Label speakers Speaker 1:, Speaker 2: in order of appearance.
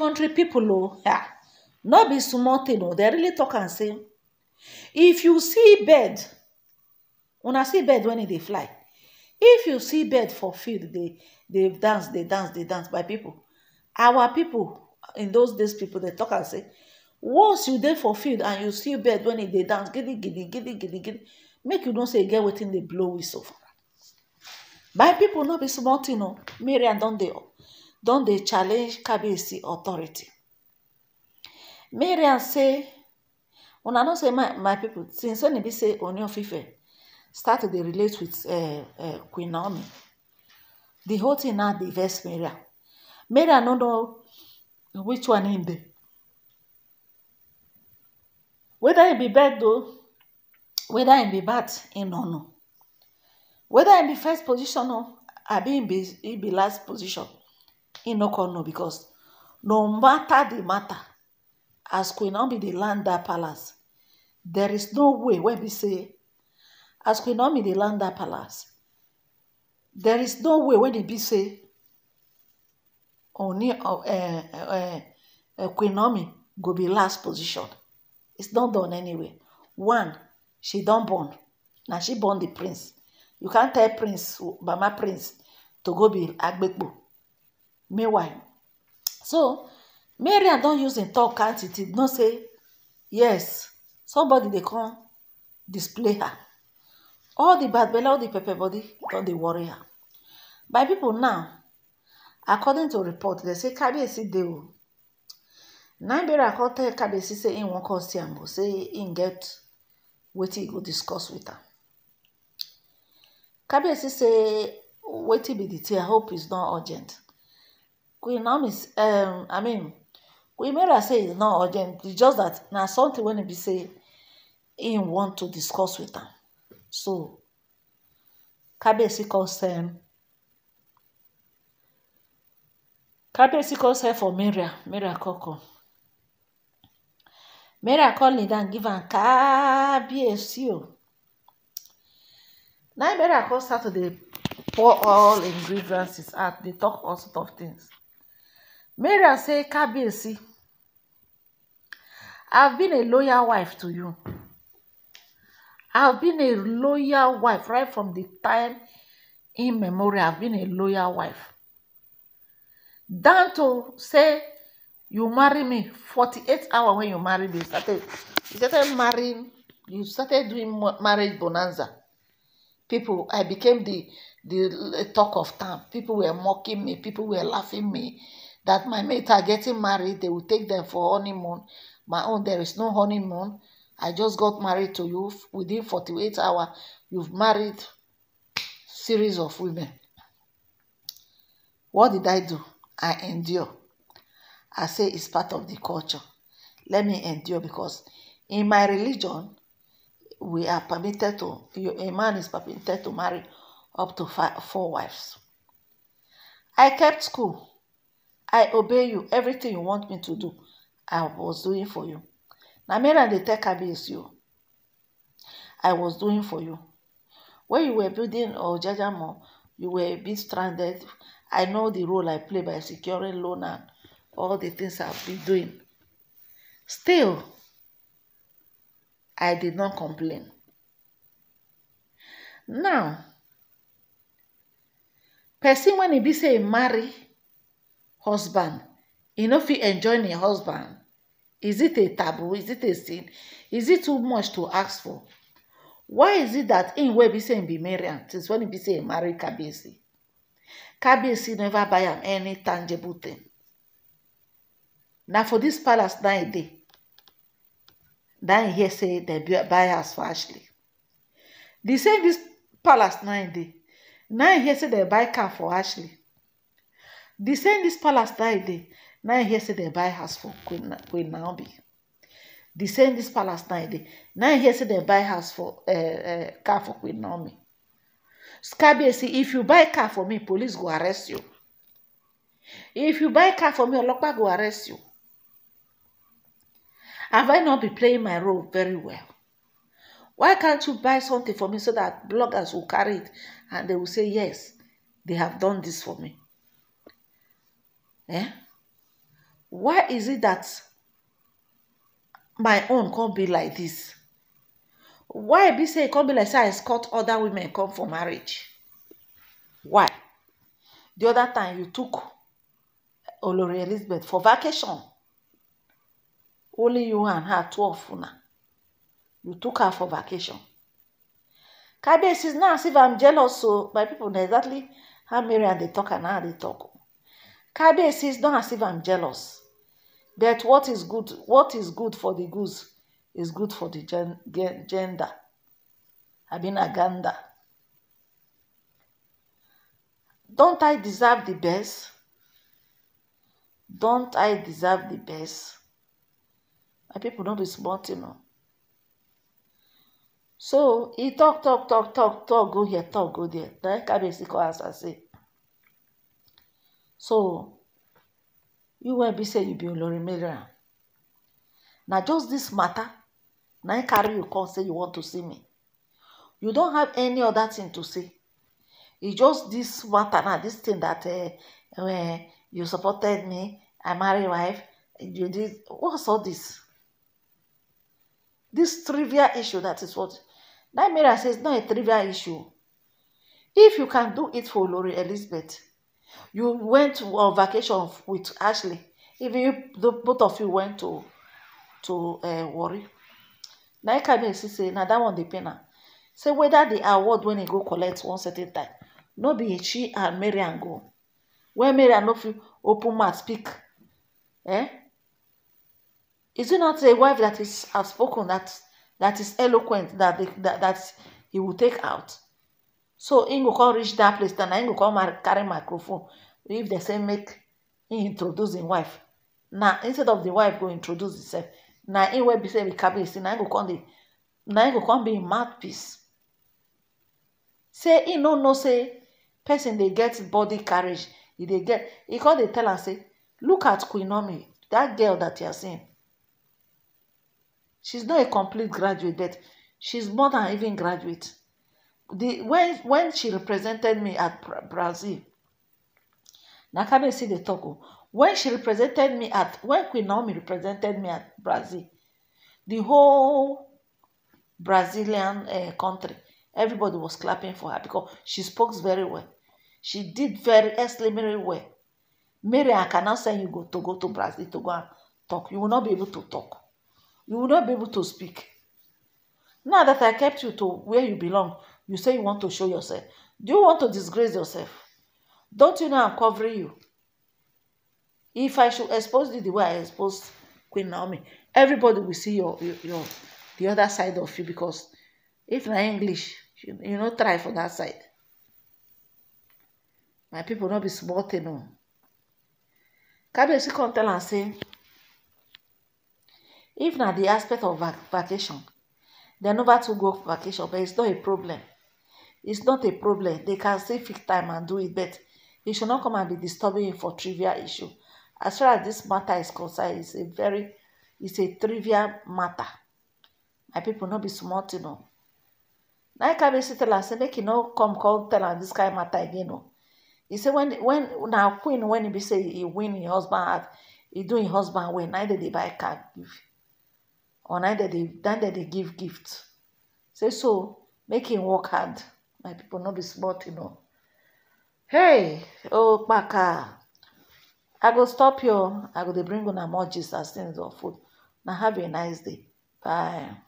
Speaker 1: country people oh yeah. not be small thing o oh. they really talk and say if you see bird I see bird when they fly if you see bird for field they they dance they dance they dance by people our people in those days people they talk and say once you dey for field and you see bird when they dance gidi gidi gidi gidi gidi make you don't say get within the blow whistle by people not be small thing o oh. marian don dey oh. don dey challenge kabisi authority miriam say una no say my my people since onibisay e of ife start to dey relate with eh, eh, queen naomi di whole thing now dey vex miriam miriam no know which one im dey weda im e be bad doo weda im be bad im no know weda im e be first position oo abi im be im be last position. him no come know because no matter the matter as queen naomi dey land dat palace there is no way when be say as queen naomi dey land dat palace there is no way when they be say only uh, eh, uh, eh, uh, eh, Queen Naomi go be last position. It's not done anyway. One, she don born. Na she born the prince. You can't tell prince, mama prince, to go be Agbekpo meanwhile so mariam don use im talk count it know say yes somebody dey come display her all the bad belle all the pepper body don dey worry her by people now according to report dem say kabiyesi dey o na Mariam come tell kabiyesi say im wan come see am o say im get wetin e go discuss with am kabiyesi say wetin be the thing i hope it's not urgent Queen Naomi um I mean Queen Naomi say it's not urgent It's just that na something wey e be say im want to discuss with am so Kabiyesi come um, send Kabiyesi come send for Mariam Mariam come come Mariam come and down give am Kabiyesi o oh. na Mariam come start to dey pour all im grievances out dey talk all sort of things. Mariam say Kabiyesi I've been a loyal wife to you I've been a loyal wife right from the time in memory I've been a loyal wife Danto say you marry me forty-eight hours when you marry me you started you started marrying you started doing marriage bonanza people I became the the talk of town people were mocking me people were laughing me that my mate are getting married, they will take them for honeymoon. My own, there is no honeymoon. I just got married to you. Within 48 hours, you've married series of women. What did I do? I endure. I say it's part of the culture. Let me endure because in my religion, we are permitted to, a man is permitted to marry up to five, four wives. I kept school. I obey you. Everything you want me to do, I was doing for you. Now, Mariam dey tell Kabiyesi you. I was doing for you. When you were building Ojaja Mall, you were a bit stranded. I know the role I play by securing loan and all the things I've been doing. Still, I did not complain. Now, person when he be say marry husband e no fit enjoy im husband is it a taboo is it a sin is it too much to ask for why is it that im wey be say im be marry am since when e be say e marry kabiyesi kabiyesi never buy am any tangible thing na for dis palace na e dey na e hear say dem buy house for ashley the same dis palace na e dey na e hear say dem buy car for ashley the same this palace that day na here say they buy house for queen naomi the same this palace na day na here say they buy house for eh, eh, car for queen naomi scabie say if you buy car for me police go arrest you if you buy car for me olopa go arrest you have i not been playing my role very well why can't you buy something for me so that bloggers will carry it and they will say yes they have done this for me Eh? Why is it that my own can't be like this? Why be say it can't be like say I escort other women come for marriage? Why? The other time you took Olori Elizabeth for vacation. Only you and her 12 una. You took her for vacation. says now as if I'm jealous so my people na exactly how and they talk and how they talk. Kade says, not as if I'm jealous. That what is good, what is good for the goose is good for the gen, gen, gender. aganda. Don't I deserve the best? Don't I deserve the best? My people don't be smart, you know. So he talk, talk, talk, talk, talk, go here, talk, go there. Then Kabesi as I say, So you UNB say you be Olorimedan. Na just this matter na im e carry you come say you want to see me. You don have any other thing to say. E just this matter na this thing that uh, uh, you supported me, I marry wife, you did what's all this? This trivial issue that is what that Mary says not a trivial issue. If you can do it for Olori Elizabeth, You went on vacation with Ashley. Even you, the, both of you went to to uh, eh, worry, Warri. Na him Kabiyesi say now that one dey pain Say whether the award when he go collect one certain time, no be she and Mariam go. When Mariam no fit open mouth speak, eh? Is it not a wife that is outspoken, that that is eloquent, that they, that, that he will take out? so im go come reach dat place and im go come carry microphone if dem say make im introduce im wife na instead of di wife go introduce di self na im wey be say be kabir na im go come na im go come be im mouthpiece say im no know say person dey get body carriage e dey get e kon dey tell am say look at queen omi dat girl dat you are seeing she is not a complete graduate but she is more than even graduate. the when when she represented me at brazil nakameci dey talk o oh. when she represented me at when queen naomi represented me at brazil the whole brazilian eh, country everybody was clapping for her because she spoke very well she did very extremely well mary i cannot send you go to go to brazil to go and talk you will not be able to talk you will not be able to speak now that i kept you to where you belong. you say you want to show yourself do you want to disgrace yourself don't you know i'm covering you if i should expose you the way i exposed queen naomi everybody will see your your, your the other side of you because if na english you, you no try for that side my people not be small thing o kabiyesi come tell and say if na the aspect of vac vacation dem never to go vacation but it's not a problem it's not a problem they can still fix time and do it but he should not come and be disturbing you for trivial issue as far as this matter is concerned it's a very it's a trivial matter my people not be smart, you know. Now I na kabiyesi tell am say make he no come call tell am this kind matter again o he say when when now queen when he be say he win his husband heart he do him husband well neither they buy car give or neither they dey they give gift say so make him work hard My people, not be smart, you know. Hey, oh, Baka. I go stop you. I go dey bring una more Jesus things or food. Now have a nice day. Bye.